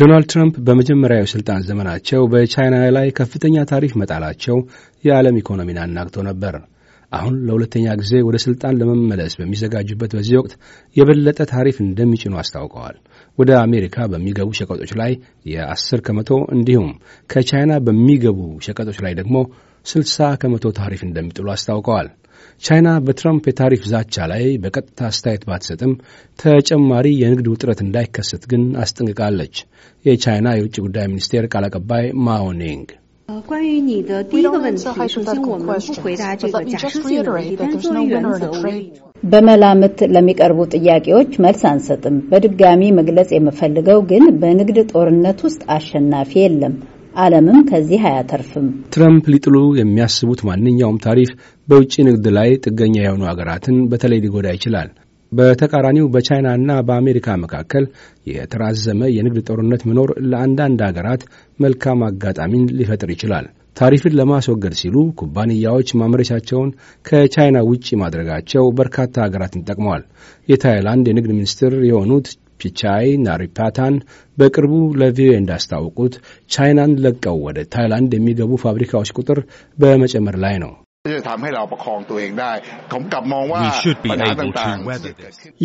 ዶናልድ ትራምፕ በመጀመሪያው የሥልጣን ዘመናቸው በቻይና ላይ ከፍተኛ ታሪፍ መጣላቸው የዓለም ኢኮኖሚን አናግቶ ነበር። አሁን ለሁለተኛ ጊዜ ወደ ሥልጣን ለመመለስ በሚዘጋጁበት በዚህ ወቅት የበለጠ ታሪፍ እንደሚጭኑ አስታውቀዋል። ወደ አሜሪካ በሚገቡ ሸቀጦች ላይ የአስር ከመቶ እንዲሁም ከቻይና በሚገቡ ሸቀጦች ላይ ደግሞ ስልሳ ከመቶ ታሪፍ እንደሚጥሉ አስታውቀዋል። ቻይና በትራምፕ የታሪፍ ዛቻ ላይ በቀጥታ አስተያየት ባትሰጥም ተጨማሪ የንግድ ውጥረት እንዳይከሰት ግን አስጠንቅቃለች። የቻይና የውጭ ጉዳይ ሚኒስቴር ቃል አቀባይ ማኦኒንግ በመላምት ለሚቀርቡ ጥያቄዎች መልስ አንሰጥም። በድጋሚ መግለጽ የምፈልገው ግን በንግድ ጦርነት ውስጥ አሸናፊ የለም። ዓለምም ከዚህ አያተርፍም። ትረምፕ ሊጥሉ የሚያስቡት ማንኛውም ታሪፍ በውጭ ንግድ ላይ ጥገኛ የሆኑ ሀገራትን በተለይ ሊጎዳ ይችላል። በተቃራኒው በቻይና እና በአሜሪካ መካከል የተራዘመ የንግድ ጦርነት መኖር ለአንዳንድ ሀገራት መልካም አጋጣሚን ሊፈጥር ይችላል። ታሪፍን ለማስወገድ ሲሉ ኩባንያዎች ማምረቻቸውን ከቻይና ውጭ ማድረጋቸው በርካታ ሀገራትን ጠቅመዋል። የታይላንድ የንግድ ሚኒስትር የሆኑት ፒቻይ ናሪፓታን በቅርቡ ለቪኦኤ እንዳስታወቁት ቻይናን ለቀው ወደ ታይላንድ የሚገቡ ፋብሪካዎች ቁጥር በመጨመር ላይ ነው።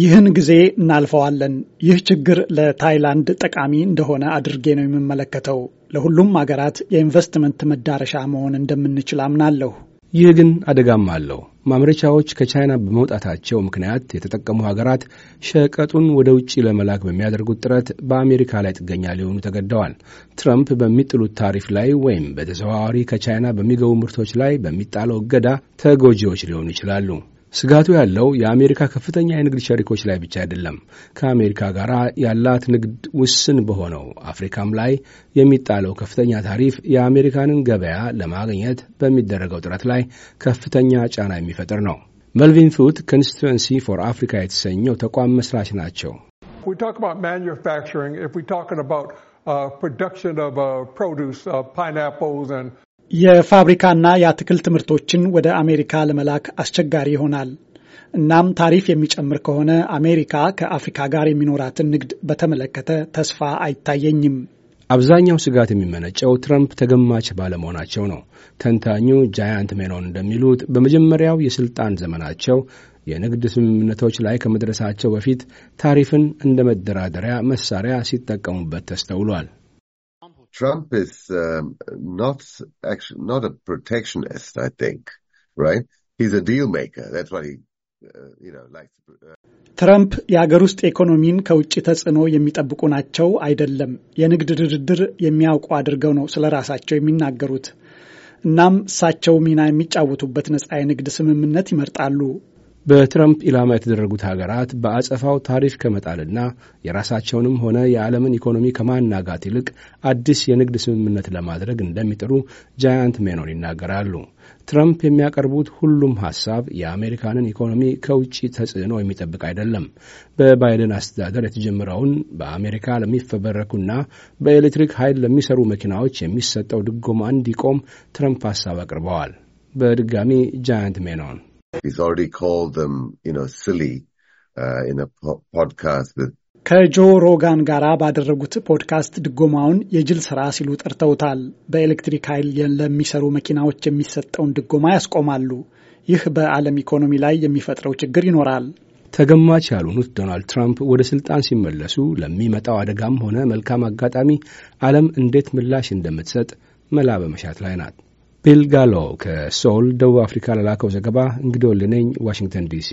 ይህን ጊዜ እናልፈዋለን። ይህ ችግር ለታይላንድ ጠቃሚ እንደሆነ አድርጌ ነው የምመለከተው። ለሁሉም አገራት የኢንቨስትመንት መዳረሻ መሆን እንደምንችል አምናለሁ። ይህ ግን አደጋም አለው። ማምረቻዎች ከቻይና በመውጣታቸው ምክንያት የተጠቀሙ ሀገራት ሸቀጡን ወደ ውጭ ለመላክ በሚያደርጉት ጥረት በአሜሪካ ላይ ጥገኛ ሊሆኑ ተገደዋል። ትራምፕ በሚጥሉት ታሪፍ ላይ ወይም በተዘዋዋሪ ከቻይና በሚገቡ ምርቶች ላይ በሚጣለው እገዳ ተጎጂዎች ሊሆኑ ይችላሉ። ስጋቱ ያለው የአሜሪካ ከፍተኛ የንግድ ሸሪኮች ላይ ብቻ አይደለም። ከአሜሪካ ጋር ያላት ንግድ ውስን በሆነው አፍሪካም ላይ የሚጣለው ከፍተኛ ታሪፍ የአሜሪካንን ገበያ ለማግኘት በሚደረገው ጥረት ላይ ከፍተኛ ጫና የሚፈጥር ነው። መልቪን ፉት ኮንስቲትዌንሲ ፎር አፍሪካ የተሰኘው ተቋም መስራች ናቸው። የፋብሪካና የአትክልት ምርቶችን ወደ አሜሪካ ለመላክ አስቸጋሪ ይሆናል። እናም ታሪፍ የሚጨምር ከሆነ አሜሪካ ከአፍሪካ ጋር የሚኖራትን ንግድ በተመለከተ ተስፋ አይታየኝም። አብዛኛው ስጋት የሚመነጨው ትረምፕ ተገማች ባለመሆናቸው ነው። ተንታኙ ጃያንት ሜኖን እንደሚሉት በመጀመሪያው የስልጣን ዘመናቸው የንግድ ስምምነቶች ላይ ከመድረሳቸው በፊት ታሪፍን እንደ መደራደሪያ መሳሪያ ሲጠቀሙበት ተስተውሏል። Trump is um, not actually not a protectionist, I think, right? He's a deal maker. That's what he uh, uh. ትራምፕ የአገር ውስጥ ኢኮኖሚን ከውጭ ተጽዕኖ የሚጠብቁ ናቸው አይደለም፣ የንግድ ድርድር የሚያውቁ አድርገው ነው ስለ ራሳቸው የሚናገሩት። እናም እሳቸው ሚና የሚጫወቱበት ነጻ የንግድ ስምምነት ይመርጣሉ። በትረምፕ ኢላማ የተደረጉት ሀገራት በአጸፋው ታሪፍ ከመጣልና የራሳቸውንም ሆነ የዓለምን ኢኮኖሚ ከማናጋት ይልቅ አዲስ የንግድ ስምምነት ለማድረግ እንደሚጥሩ ጃያንት ሜኖን ይናገራሉ። ትረምፕ የሚያቀርቡት ሁሉም ሐሳብ የአሜሪካንን ኢኮኖሚ ከውጭ ተጽዕኖ የሚጠብቅ አይደለም። በባይደን አስተዳደር የተጀመረውን በአሜሪካ ለሚፈበረኩና በኤሌክትሪክ ኃይል ለሚሰሩ መኪናዎች የሚሰጠው ድጎማ እንዲቆም ትረምፕ ሐሳብ አቅርበዋል። በድጋሚ ጃያንት ሜኖን He's already called them, you know, silly uh, in a podcast that ከጆ ሮጋን ጋር ባደረጉት ፖድካስት ድጎማውን የጅል ስራ ሲሉ ጠርተውታል። በኤሌክትሪክ ኃይል ለሚሰሩ መኪናዎች የሚሰጠውን ድጎማ ያስቆማሉ። ይህ በዓለም ኢኮኖሚ ላይ የሚፈጥረው ችግር ይኖራል። ተገማች ያልሆኑት ዶናልድ ትራምፕ ወደ ስልጣን ሲመለሱ ለሚመጣው አደጋም ሆነ መልካም አጋጣሚ ዓለም እንዴት ምላሽ እንደምትሰጥ መላ በመሻት ላይ ናት። ቢል ጋሎ ከሶል ደቡብ አፍሪካ ለላከው ዘገባ እንግዶልነኝ ዋሽንግተን ዲሲ